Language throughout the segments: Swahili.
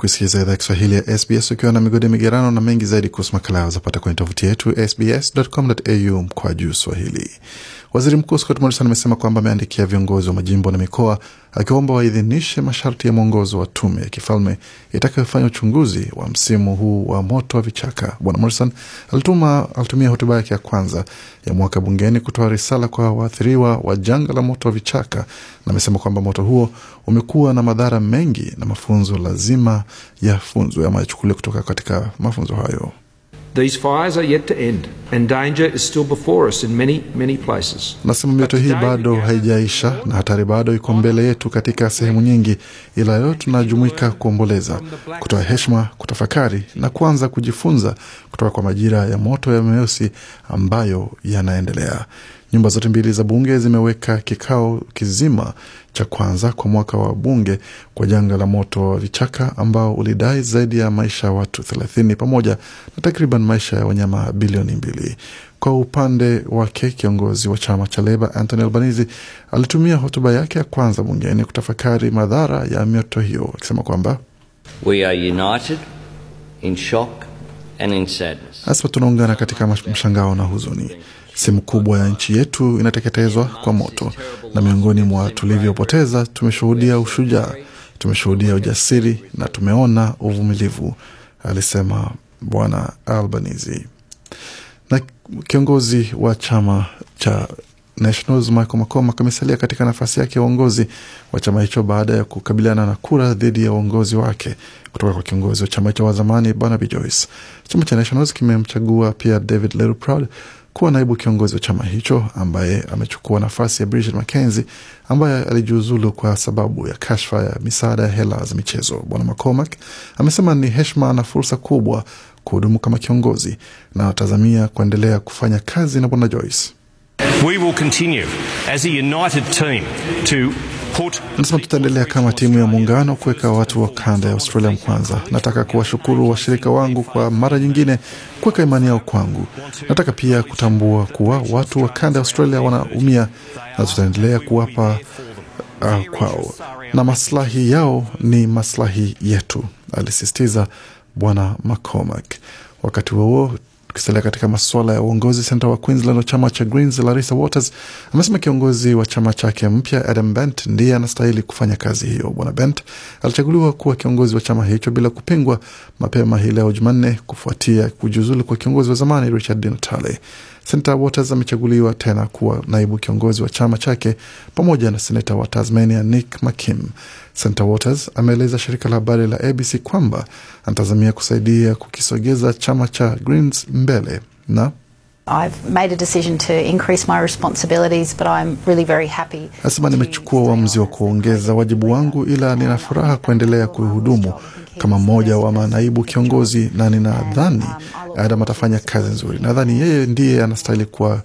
kusikiliza idhaa ya Kiswahili ya SBS ukiwa na migodi migerano na mengi zaidi kuhusu makala zapata kwenye tovuti yetu sbs.com.au juu Swahili. Waziri Mkuu Scott Morrison amesema kwamba ameandikia viongozi wa majimbo na mikoa akiwaomba waidhinishe masharti ya mwongozo wa tume ya kifalme itakayofanya uchunguzi wa msimu huu wa moto wa vichaka. Bwana Morrison alituma, alitumia hotuba yake ya kwanza ya mwaka bungeni kutoa risala kwa waathiriwa wa janga la moto wa vichaka, na amesema kwamba moto huo umekuwa na madhara mengi na mafunzo lazima yafunzwe ama yachukuliwe kutoka katika mafunzo hayo. Nasema mioto hii bado haijaisha na hatari bado iko mbele yetu katika sehemu nyingi, ila leo tunajumuika kuomboleza, kutoa heshima, kutafakari na kuanza kujifunza kutoka kwa majira ya moto ya meusi ambayo yanaendelea. Nyumba zote mbili za bunge zimeweka kikao kizima cha kwanza kwa mwaka wa bunge kwa janga la moto wa vichaka ambao ulidai zaidi ya maisha ya watu thelathini pamoja na takriban maisha ya wanyama bilioni mbili. Kwa upande wake kiongozi wa chama cha Leba Anthony Albanese alitumia hotuba yake ya kwanza bungeni kutafakari madhara ya mioto hiyo akisema kwamba We are united in shock Hasa tunaungana katika mshangao na huzuni. Sehemu kubwa ya nchi yetu inateketezwa kwa moto, na miongoni mwa tulivyopoteza, tumeshuhudia ushujaa, tumeshuhudia ujasiri na tumeona uvumilivu, alisema Bwana Albanese. Na kiongozi wa chama cha Nationals Michael Makoma amesalia katika nafasi yake ya uongozi wa chama hicho baada ya kukabiliana na kura dhidi ya uongozi wake kutoka kwa kiongozi wa chama hicho wa zamani Barnaby Joyce. Chama cha Nationals kimemchagua pia David Littleproud kuwa naibu kiongozi wa chama hicho ambaye amechukua nafasi ya Bridget McKenzie ambaye alijiuzulu kwa sababu ya kashfa ya misaada ya hela za michezo. Bwana McCormack amesema ni heshima na fursa kubwa kuhudumu kama kiongozi na anatazamia kuendelea kufanya kazi na Bwana Joyce. We will continue as a united team to put... tutaendelea kama timu ya muungano kuweka watu wa kanda ya Australia kwanza. Nataka kuwashukuru washirika wangu kwa mara nyingine kuweka imani yao kwangu. Nataka pia kutambua kuwa watu wa kanda ya Australia wanaumia na tutaendelea kuwapa uh, kwao, na maslahi yao ni maslahi yetu, alisisitiza Bwana McCormack. Wakati huo Tukisalia katika masuala ya uongozi, senata wa Queensland wa chama cha Greens Larissa Waters amesema kiongozi wa chama chake mpya Adam Bent ndiye anastahili kufanya kazi hiyo. Bwana Bent alichaguliwa kuwa kiongozi wa chama hicho bila kupingwa mapema hii leo Jumanne, kufuatia kujiuzulu kwa kiongozi wa zamani Richard Di Natale. Senata Waters amechaguliwa tena kuwa naibu kiongozi wa chama chake pamoja na seneta wa Tasmania Nick McKim. Senata Waters ameeleza shirika la habari la ABC kwamba anatazamia kusaidia kukisogeza chama cha Greens mbele na Nasema nimechukua uamuzi wa kuongeza wajibu wangu, ila nina furaha kuendelea kuhudumu, kama mmoja wa manaibu kiongozi, na ninadhani Adam atafanya kazi nzuri. Nadhani yeye ndiye anastahili kwa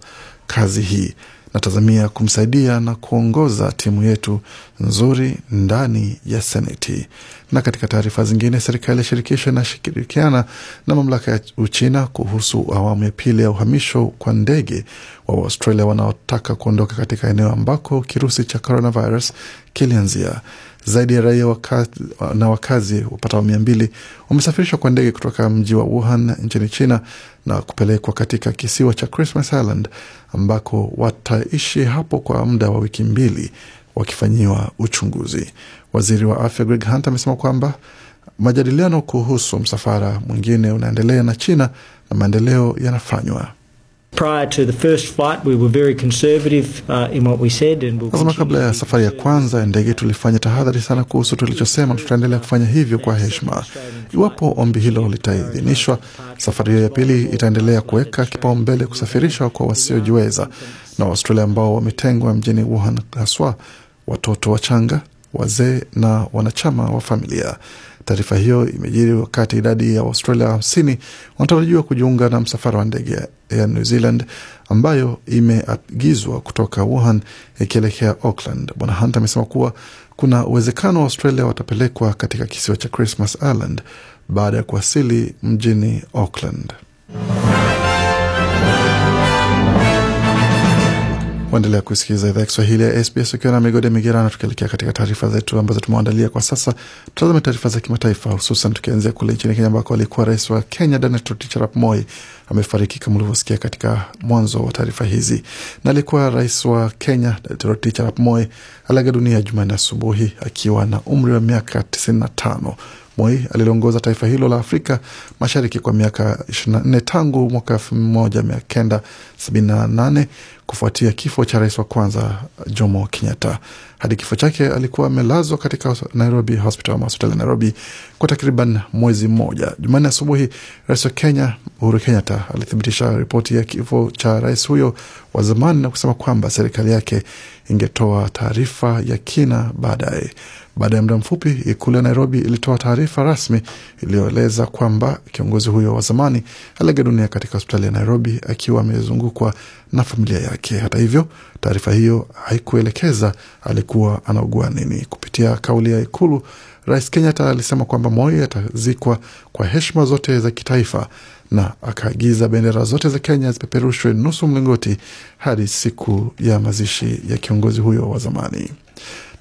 kazi hii. Natazamia kumsaidia na kuongoza timu yetu nzuri ndani ya Seneti. Na katika taarifa zingine, serikali ya shirikisho inashirikiana na mamlaka ya Uchina kuhusu awamu ya pili ya uhamisho kwa ndege wa Waustralia wanaotaka kuondoka katika eneo ambako kirusi cha coronavirus kilianzia. Zaidi ya raia na wakazi wapatao mia mbili wamesafirishwa kwa ndege kutoka mji wa Wuhan nchini China na kupelekwa katika kisiwa cha Christmas Island ambako wataishi hapo kwa muda wa wiki mbili wakifanyiwa uchunguzi. Waziri wa afya Greg Hunt amesema kwamba majadiliano kuhusu msafara mwingine unaendelea na China na maendeleo yanafanywa. Prior to the first flight, we were very conservative, uh, in what we said and we'll... Nasema kabla ya safari ya kwanza ya ndege tulifanya tahadhari sana kuhusu tulichosema. Tutaendelea kufanya hivyo kwa heshima. Iwapo ombi hilo litaidhinishwa, safari hiyo ya pili itaendelea kuweka kipaumbele kusafirishwa kwa wasiojiweza na Waaustralia ambao wametengwa mjini Wuhan, haswa watoto wachanga, wazee na wanachama wa familia. Taarifa hiyo imejiri wakati idadi ya Waustralia 50 wanatarajiwa kujiunga na msafara wa ndege ya New Zealand ambayo imeagizwa kutoka Wuhan ikielekea Auckland. Bwana Hunt amesema kuwa kuna uwezekano wa Australia watapelekwa katika kisiwa cha Christmas Island baada ya kuwasili mjini Auckland. Waendelea kusikiliza idhaa ya Kiswahili ya SBS ukiwa na migode migerano, tukielekea katika taarifa zetu ambazo tumeandalia kwa sasa. Tutazame taarifa za kimataifa, hususan tukianzia kule nchini Kenya ambako alikuwa rais wa Kenya Daniel Arap Moi amefariki kama ulivyosikia katika mwanzo wa taarifa hizi, na alikuwa rais wa Kenya Arap Moi aliaga dunia Jumanne asubuhi akiwa na umri wa miaka 95. Moi aliliongoza taifa hilo la Afrika Mashariki kwa miaka 24 tangu mwaka 1978 kufuatia kifo cha rais wa kwanza Jomo Kenyatta. Hadi kifo chake alikuwa amelazwa katika Nairobi Hospital, hospitali ya Nairobi kwa takriban mwezi mmoja. Jumanne asubuhi, rais wa Kenya Uhuru Kenyatta alithibitisha ripoti ya kifo cha rais huyo wa zamani na kusema kwamba serikali yake ingetoa taarifa ya kina baadaye. Baada ya muda mfupi, ikulu ya Nairobi ilitoa taarifa rasmi iliyoeleza kwamba kiongozi huyo wa zamani aliaga dunia katika hospitali ya Nairobi akiwa amezungukwa na familia yake. Hata hivyo, taarifa hiyo haikuelekeza alikuwa anaugua nini. Kupitia kauli ya ikulu, Rais Kenyatta alisema kwamba moyo yatazikwa kwa heshima zote za kitaifa na akaagiza bendera zote za Kenya zipeperushwe nusu mlingoti hadi siku ya mazishi ya kiongozi huyo wa zamani.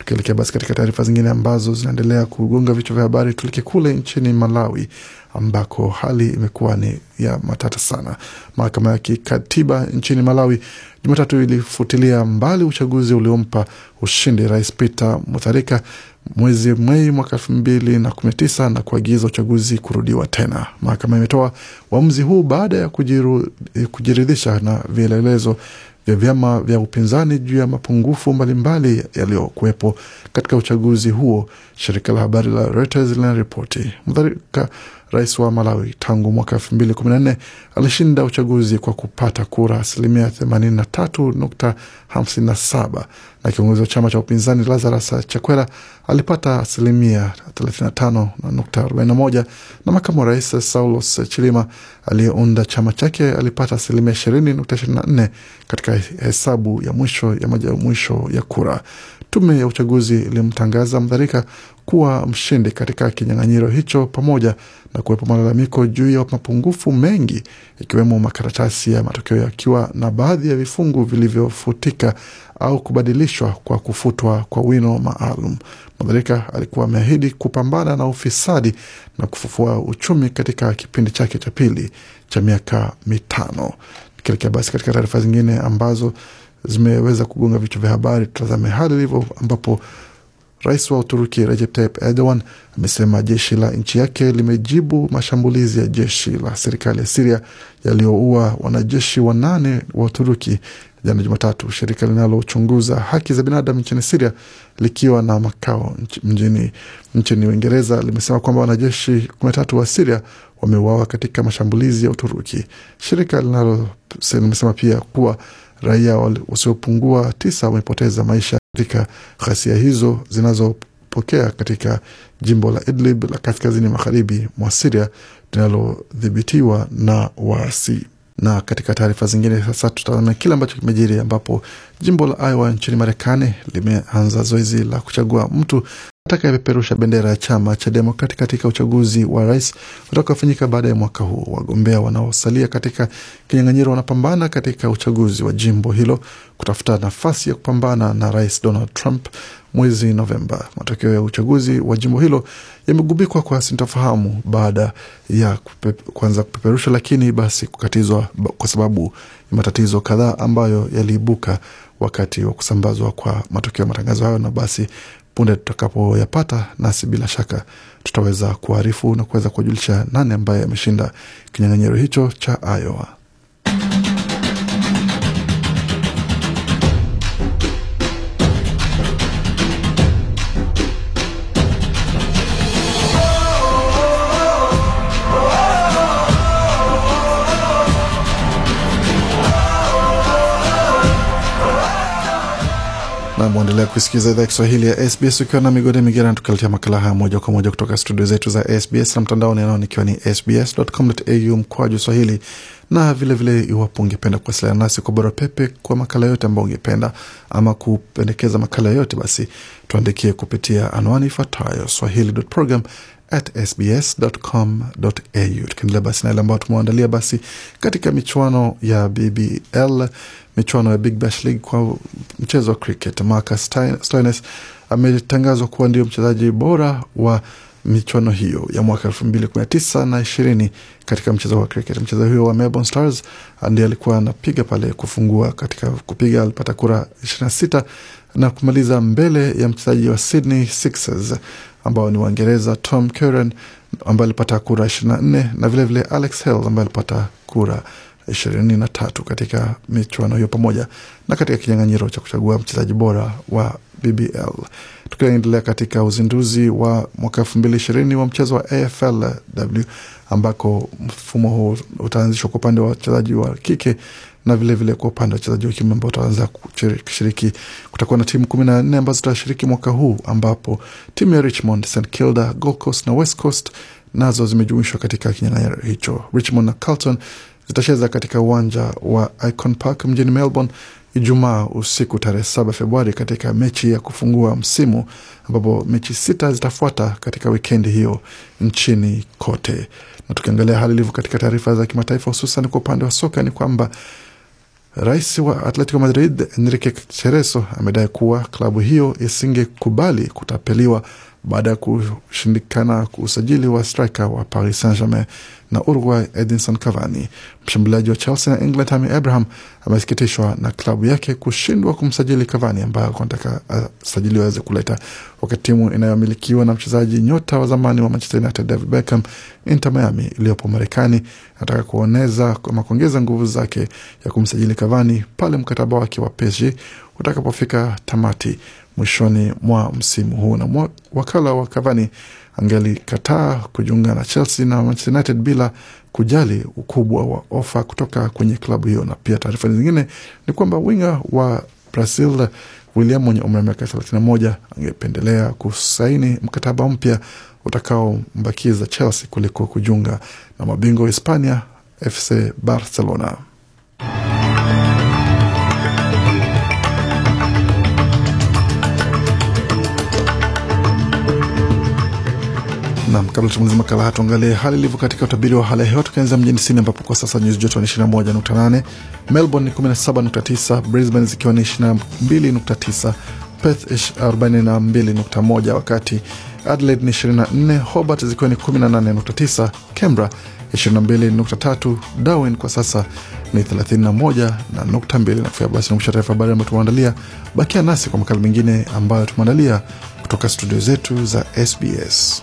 Tukielekea basi katika taarifa zingine ambazo zinaendelea kugonga vichwa vya habari, tuelekee kule nchini Malawi ambako hali imekuwa ni ya matata sana. Mahakama ya kikatiba nchini Malawi Jumatatu ilifutilia mbali uchaguzi uliompa ushindi Rais Peter Mutharika mwezi Mei mwaka elfu mbili na kumi na tisa na kuagiza uchaguzi kurudiwa tena. Mahakama imetoa uamuzi huu baada ya kujiridhisha na vielelezo vya vyama vya upinzani juu ya mapungufu mbalimbali yaliyokuwepo katika uchaguzi huo, shirika la habari la Reuters linaripoti. mdharika rais wa Malawi tangu mwaka elfu mbili kumi na nne, alishinda uchaguzi kwa kupata kura asilimia themanini na tatu nukta hamsini na saba na kiongozi wa chama cha upinzani Lazarus Chakwera alipata asilimia thelathini na tano nukta arobaini na moja na makamu wa rais Saulos Chilima aliyeunda chama chake alipata asilimia ishirini nukta ishirini na nne katika hesabu ya mwisho ya moja ya mwisho ya kura. Tume ya uchaguzi ilimtangaza Mdharika kuwa mshindi katika kinyang'anyiro hicho, pamoja na kuwepo malalamiko juu ya mapungufu mengi, ikiwemo makaratasi ya matokeo yakiwa na baadhi ya vifungu vilivyofutika au kubadilishwa kwa kufutwa kwa wino maalum. Mudharika alikuwa ameahidi kupambana na ufisadi na kufufua uchumi katika kipindi chake cha pili cha miaka mitano. Tukielekea basi katika taarifa zingine ambazo zimeweza kugonga vichwa vya habari, tutazame hali ilivyo, ambapo rais wa Uturuki Recep Tayyip Erdogan amesema jeshi la nchi yake limejibu mashambulizi ya jeshi la serikali ya Siria yaliyoua wanajeshi wanane wa Uturuki jana Jumatatu, shirika linalochunguza haki za binadamu nchini Siria likiwa na makao mjini nchini Uingereza limesema kwamba wanajeshi kumi na tatu wa Siria wameuawa katika mashambulizi ya Uturuki. Shirika linalo limesema pia kuwa raia wasiopungua tisa wamepoteza maisha katika ghasia hizo zinazopokea katika jimbo la Idlib la kaskazini magharibi mwa Siria linalodhibitiwa na waasi. Na katika taarifa zingine sasa tutaona kile ambacho kimejiri, ambapo jimbo la Iowa nchini Marekani limeanza zoezi la kuchagua mtu atakayepeperusha bendera ya chama cha Demokrati katika uchaguzi wa rais utakaofanyika baada ya mwaka huu. Wagombea wanaosalia katika kinyang'anyiro wanapambana katika uchaguzi wa jimbo hilo kutafuta nafasi ya kupambana na Rais Donald Trump mwezi Novemba. Matokeo ya uchaguzi wa jimbo hilo yamegubikwa kwa sintofahamu baada ya kupe, kuanza kupeperusha, lakini basi kukatizwa kwa sababu ya matatizo kadhaa ambayo yaliibuka wakati wa kusambazwa kwa matokeo ya matangazo hayo, na basi punde tutakapoyapata, nasi bila shaka tutaweza kuarifu na kuweza kuwajulisha nani ambaye ameshinda kinyang'anyiro hicho cha Iowa. na mwendelea kusikiliza idhaa Kiswahili ya SBS ukiwa na migode migera, tukaletia makala haya moja kwa moja kutoka studio zetu za SBS na mtandaoni nikiwa ni sbs.com.au mkwaju swahili, na vilevile vile iwapo ungependa kuwasiliana nasi kwa barua pepe kwa makala yote ambayo ungependa ama kupendekeza makala yote, basi tuandikie kupitia anwani ifuatayo swahili.program at sbs.com.au. Tukiendelea basi na yale ambayo tumeandalia, basi katika michuano ya BBL, michuano ya Big Bash League kwa mchezo wa cricket, Marcus Stoinis ametangazwa kuwa ndio mchezaji bora wa michuano hiyo ya mwaka elfu mbili kumi na tisa na ishirini katika mchezo wa cricket. Mchezo huyo wa Melbourne Stars ah, ndiye alikuwa anapiga pale kufungua. Katika kupiga alipata kura ishirini na sita na kumaliza mbele ya mchezaji wa Sydney Sixers ambao ni Waingereza, Tom Curran ambaye alipata kura 24 na vilevile vile Alex hel ambaye alipata kura 23 katika michuano hiyo, pamoja na katika kinyang'anyiro cha kuchagua mchezaji bora wa BBL. Tukiendelea katika uzinduzi wa mwaka 2020 wa mchezo wa AFLW ambako mfumo huu utaanzishwa kwa upande wa wachezaji wa kike na vilevile vile kwa upande wa wachezaji wa kiume ambao wataanza kushiriki, kutakuwa na timu kumi na nne ambazo zitashiriki mwaka huu, ambapo timu ya Richmond, St Kilda, Gold Coast na West Coast nazo zimejumuishwa katika kinyang'anyiro hicho. Richmond na Carlton zitacheza katika uwanja wa Icon Park mjini Melbourne Ijumaa usiku tarehe saba Februari katika mechi ya kufungua msimu ambapo mechi sita zitafuata katika wikendi hiyo nchini kote. Na tukiangalia hali ilivyo katika taarifa za kimataifa, hususan kwa upande wa soka, ni kwamba Rais wa Atletico Madrid Enrique Cerezo amedai kuwa klabu hiyo isingekubali kutapeliwa baada ya kushindikana usajili wa striker wa Paris Saint-Germain na Uruguay Edinson Cavani. Mshambuliaji wa Chelsea na England Tammy Abraham amesikitishwa na klabu yake kushindwa kumsajili Cavani ambayo anataka asajili uh, aweze kuleta, wakati timu inayomilikiwa na mchezaji nyota wa zamani wa Manchester United David Beckham, Inter Miami iliyopo Marekani, anataka kuoneza ama kuongeza nguvu zake ya kumsajili Cavani pale mkataba wake wa PSG utakapofika tamati mwishoni mwa msimu huu, na wakala wa Cavani angelikataa kujiunga na Chelsea na Manchester United bila kujali ukubwa wa ofa kutoka kwenye klabu hiyo. Na pia taarifa zingine ni kwamba winga wa Brazil William mwenye umri wa miaka 31 angependelea kusaini mkataba mpya utakaombakiza Chelsea kuliko kujiunga na mabingwa wa Hispania FC Barcelona. Nam, kabla tumaliza makala haya tuangalie hali ilivyo katika utabiri wa hali ya hewa tukianza mjini Sydney ambapo kwa sasa nyuzi joto ni 21.8, Melbourne ni 17.9, Brisbane zikiwa ni 22.9, Perth 42.1, wakati Adelaide ni 24, Hobart zikiwa ni 18.9, Canberra 22.3, Darwin kwa sasa ni 31.2. Na kufika basi nakusha taarifa habari ambayo tumeandalia. Bakia nasi kwa makala mengine ambayo tumeandalia kutoka studio zetu za SBS.